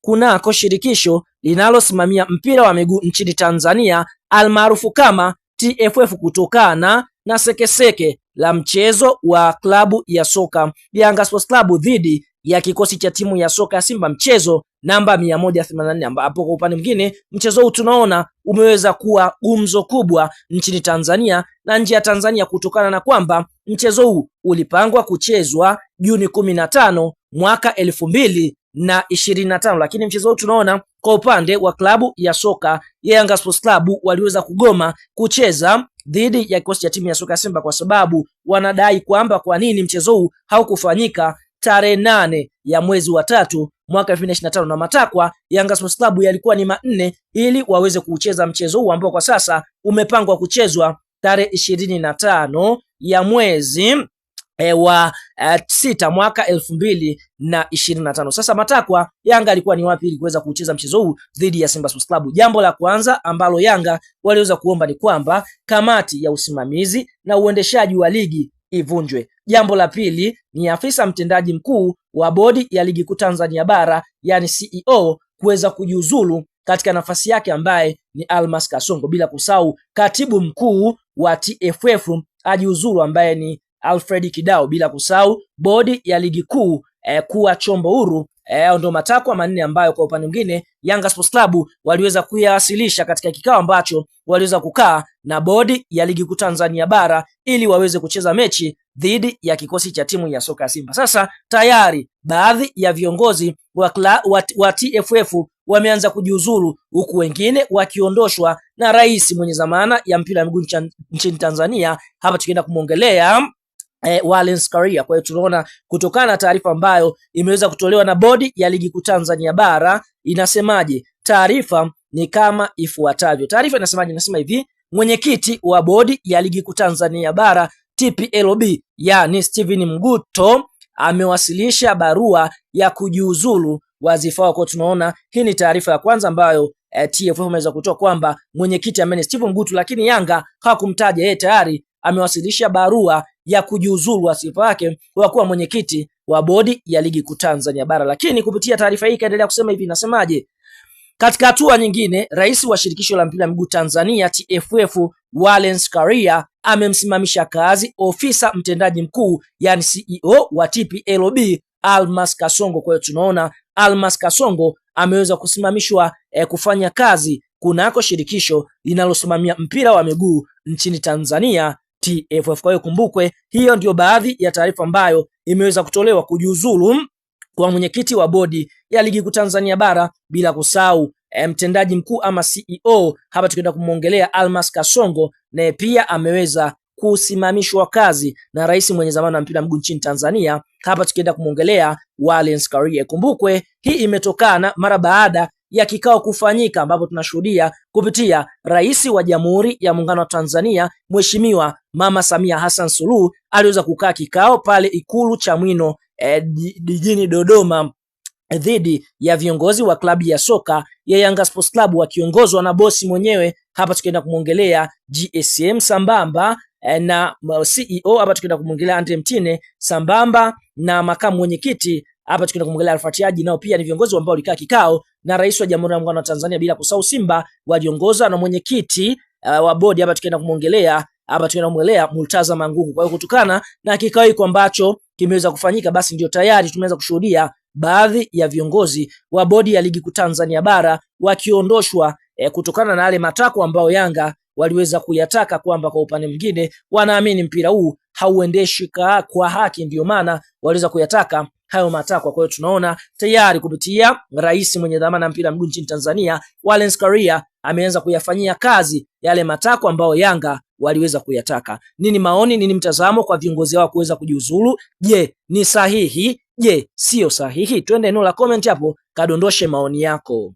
kunako shirikisho linalosimamia mpira wa miguu nchini Tanzania almaarufu kama TFF kutokana na sekeseke seke la mchezo wa klabu ya soka Yanga Sports Club dhidi ya kikosi cha timu ya soka ya Simba mchezo namba 184 ambapo kwa upande mwingine mchezo huu tunaona umeweza kuwa gumzo kubwa nchini Tanzania na nje ya Tanzania kutokana na kwamba mchezo huu ulipangwa kuchezwa Juni 15 mwaka elfu mbili na ishirini na tano, lakini mchezo huu tunaona kwa upande wa klabu ya soka ya Yanga Sports Club waliweza kugoma kucheza dhidi ya kikosi cha timu ya soka ya Simba kwa sababu wanadai kwamba kwa nini mchezo huu haukufanyika tarehe nane ya mwezi wa tatu mwaka 2025 na matakwa Yanga Sports Club yalikuwa ni manne ili waweze kucheza mchezo huu ambao kwa sasa umepangwa kuchezwa tarehe ishirini na tano ya mwezi E, wa uh, sita mwaka elfu mbili na ishirini na tano. Sasa matakwa Yanga alikuwa ni wapi ili kuweza kucheza mchezo huu dhidi ya Simba Sports Club? Jambo la kwanza ambalo Yanga waliweza kuomba ni kwamba kamati ya usimamizi na uendeshaji wa ligi ivunjwe. Jambo la pili ni afisa mtendaji mkuu wa bodi ya ligi kuu Tanzania bara yani CEO kuweza kujiuzulu katika nafasi yake ambaye ni Almas Kasongo, bila kusahau katibu mkuu wa TFF ajiuzulu ambaye ni Alfred Kidao, bila kusahau bodi ya ligi kuu eh, kuwa chombo huru eh, ndio matakwa manne ambayo kwa upande mwingine Yanga Sports Club waliweza kuyawasilisha katika kikao ambacho waliweza kukaa na bodi ya ligi kuu Tanzania bara ili waweze kucheza mechi dhidi ya kikosi cha timu ya soka ya Simba. Sasa tayari baadhi ya viongozi wa, kla, wa, wa TFF wameanza kujiuzuru huku wengine wakiondoshwa na rais mwenye zamana ya mpira wa miguu nchini Tanzania. Hapa tukienda kumwongelea E, eh, Wallace Karia. Kwa hiyo tunaona kutokana na taarifa ambayo imeweza kutolewa na bodi ya ligi kuu Tanzania bara inasemaje? Taarifa ni kama ifuatavyo. Taarifa inasemaje? Inasema hivi, mwenyekiti wa bodi ya ligi kuu Tanzania bara TPLB, yani Steven Mguto amewasilisha barua ya kujiuzulu wadhifa wako. Tunaona hii ni taarifa ya kwanza ambayo eh, TFF imeweza kutoa kwamba mwenyekiti ambaye ni Steven Mguto, lakini Yanga hakumtaja yeye, tayari amewasilisha barua ya kujiuzulu wadhifa wake wa kuwa mwenyekiti wa bodi ya ligi kuu Tanzania bara. Lakini kupitia taarifa hii kaendelea kusema hivi, inasemaje? Katika hatua nyingine, rais wa shirikisho la mpira miguu Tanzania TFF Wallace Karia amemsimamisha kazi ofisa mtendaji mkuu yani CEO wa TPLB Almas Kasongo. Kwa hiyo tunaona Almas Kasongo ameweza kusimamishwa eh, kufanya kazi kunako shirikisho linalosimamia mpira wa miguu nchini Tanzania TFF. Kwa hiyo kumbukwe, hiyo ndiyo baadhi ya taarifa ambayo imeweza kutolewa kujiuzulu kwa mwenyekiti wa bodi ya ligi kuu Tanzania bara, bila kusahau eh, mtendaji mkuu ama CEO hapa tukienda kumwongelea Almas Kasongo, naye pia ameweza kusimamishwa kazi na rais mwenye zamani wa mpira mguu nchini Tanzania hapa tukienda kumwongelea Wallace Karia. Kumbukwe hii imetokana mara baada ya kikao kufanyika, ambapo tunashuhudia kupitia Rais wa Jamhuri ya Muungano wa Tanzania Mheshimiwa Mama Samia Hassan Suluhu aliweza kukaa kikao pale Ikulu Chamwino eh, jijini Dodoma eh, dhidi ya viongozi wa klabu ya soka ya Yanga Sports Club wakiongozwa na bosi mwenyewe. Hapa tukienda kumwongelea GSM sambamba eh, na eh, CEO, hapa tukienda kumwongelea Andre Mtine sambamba na makamu mwenyekiti, hapa tukienda kumwongelea Alfatiaji, nao pia ni viongozi ambao walikaa kikao na rais wa Jamhuri ya Muungano wa Tanzania, bila kusahau Simba waliongoza na mwenyekiti uh, wa bodi hapa, tukienda kumwongelea hapa, tukienda kumwelea Murtaza Mangungu. Kwa hiyo kutokana na kikao hiko ambacho kimeweza kufanyika, basi ndio tayari tumeweza kushuhudia baadhi ya viongozi wa bodi ya ligi kuu Tanzania bara wakiondoshwa eh, kutokana na yale matakwa ambayo Yanga waliweza kuyataka kwamba kwa upande mwingine wanaamini mpira huu hauendeshi kwa haki, ndio maana waliweza kuyataka hayo matakwa. Kwa hiyo tunaona tayari kupitia rais mwenye dhamana mpira mguu nchini Tanzania Wallace Karia ameanza kuyafanyia kazi yale matakwa ambayo Yanga waliweza kuyataka. Nini maoni, nini mtazamo kwa viongozi wao kuweza kujiuzulu? Je, ni sahihi? Je, siyo sahihi? Twende eneo la comment hapo, kadondoshe maoni yako.